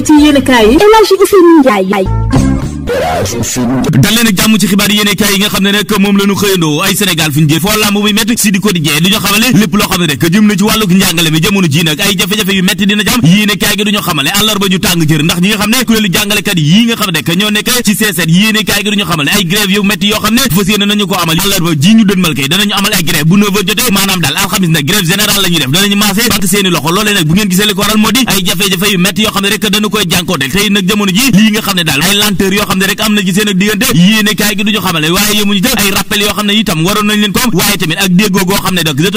ci yéen kaay yi El Hadji Ousseynou Ndiaye dal leen ak jàmm ci xibaar yéene kaay yi nga xam ne rek moom la xëyandoo ay Sénégal fu ñu jël foo làmb muy métti si di quotidien li ñu xamale nga xam ne kuréelu jàngalekat xam ne rek ñoo nekk e koy jànkoonte tey nag jamono ji lii nga xam ne daal ay lenteur xam am na ci seen ak diggante yéene gi duñu xamale waaye yemuñu ca ay rappel yoo xam ne itam waroon leen ko waaye tamit ak déggoo goo xam daal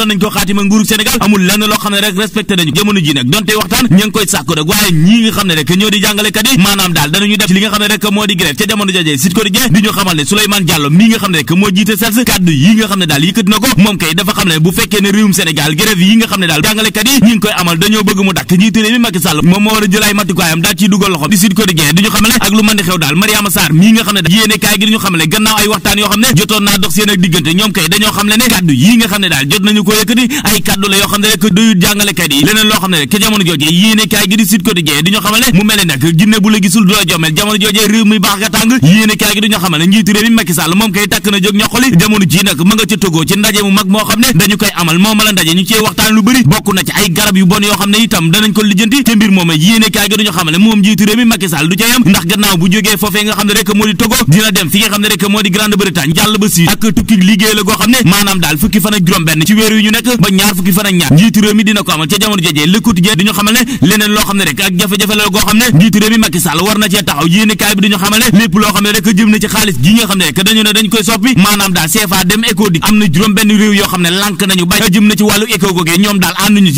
danañu def loxo di Sud Quotidien di ñu ak lu mën xew daal Ibrahima Sarr mii nga xam ne dañu koy amal moo la ndaje ñu cee waxtaan lu bëri bokk na ci ay garab yu bon yoo xam ne itam danañ ko lijjanti te mbir moom yéene kaay gi du ñu moom njiitu réew mi Macky Sall du ca yam ndax gannaaw bu jógee foofee nga xam ne rek moo di Togo dina dem fi nga xam ne rek moo di Grande-Bretagne jàll ba Suisse ak tukki liggéey la goo xam ne maanaam daal fukki fan juróom-benn ci weer yu ñu nekk ba ñaar fukki fan ñaar njiitu réew mi dina ko amal ca jamono jojee Le Quotidien duñu xamal ne leneen loo xam ne rek ak jafe-jafe la goo xam ne njiitu réew mi Macky Sall war na cee taxaw yéene bi duñu xamal ne lépp loo xam ne rek jëm ne ci wàllu ECO googee ñoom daal ànduñu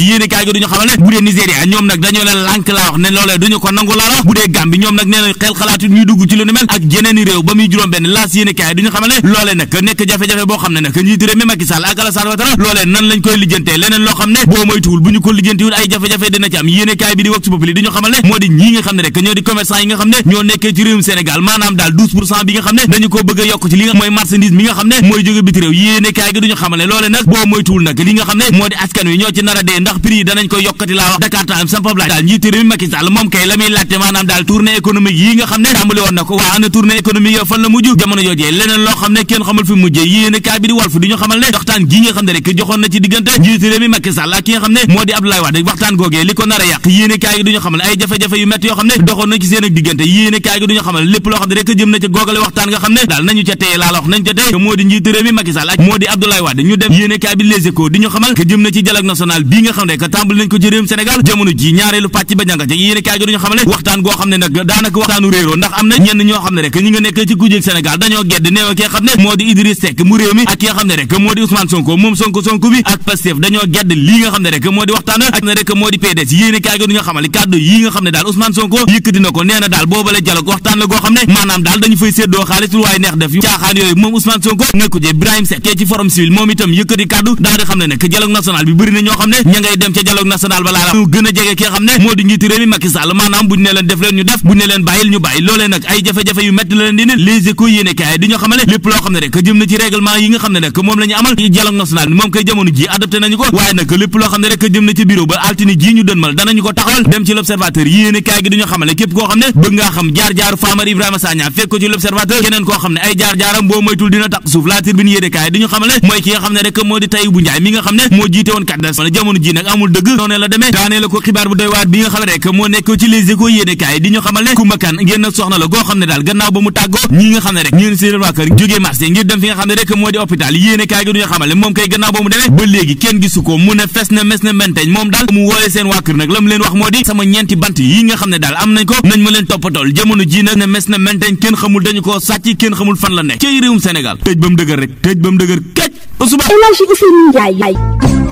ni mel ak yeneeni réew ba muy juróom benn laas yéen i kaay du nag nekk koy lijjantee leneen loo xam ne boo moytuwul bu ñu ko lijjantiwul ay jafe-jafe dina ci am bi di wax ci bopp li du ñu xamal ne moo di bi nga xam ne dañu ko bëgg a yokk ci li nga xam ne mooy jóge biti réew yéen i kaay gi du nag boo moytuwul nag li nga xam ne moo di askan wi ñoo ci nar ndax prix yi koy yokkati laa wax waaye ana tournée économique yo fan la mujj jamono joojee leneen loo xam ne kenn xamul kaay bi du ñu xamal ay jëm na ci dialogue national bii nga xam ne que tàmbali nañ ko ci réewum Sénégal ji ñaareelu pàcc ba ñanga ca yéene kaay gi du ñu xamal ne waxtaan goo xam ne nag daanaka waxtaanu réeroo ndax am na ñenn ñoo xam ne rek ñi nga nekk ci kujéeg Sénégal dañoo gedd neewa ki xam ne moo di Idriss Seck mu réew mi ak ki xam ne rek moo di Ousmane Sonko moom Sonko yëkkati na ko nee daal boobale dialogue waxtaan la goo xam ne maanaam daal dañu fay séddoo xaalis lu waaye neex def yu caaxaan yooyu moom Ousmane Sonko nekku je Ibrahim Seck kee ci forum civil moom itam yëkkati kàddu daal di xam ne nag dialogue national bi bëri na ñoo xam ne ña ngay dem ca dialogue national jafe fekk ko ci l'observateur keneen koo xam ne ay jaar-jaaram boo moytul dina taq suuf la tribune yéene kaay di ñu xamal mooy ki nga xam ne rek moo di Tahibou Ndiaye mi nga xam ne moo jiite woon kaddas jamono ji nag amul dëgg noonu la demee daanee ko xibaar bu doy waat bi nga xam rek moo nekk ci les échos yéene kaay di ñu xamal ne Kumba soxna la goo xam ne daal gannaaw ba mu tàggoo ñi nga xam ne rek ñeen seen waa kër jógee ngir dem fi nga xam ne rek moo di hôpital yéene gi duñu xamal ne moom kay gannaaw ba mu demee ba léegi kenn gisu ko mu ne fes na mes na menteñ moom daal mu wooyee seen waa nag la mu leen wax moo di sama ñeenti bant yi nga xam ne daal am nañ ko nañ ma leen toppatool jamono ji nag ne mes na menteñ kenn xamul dañu koo sàcc kenn xamul fan la nekk ci réewum Sénégal tëj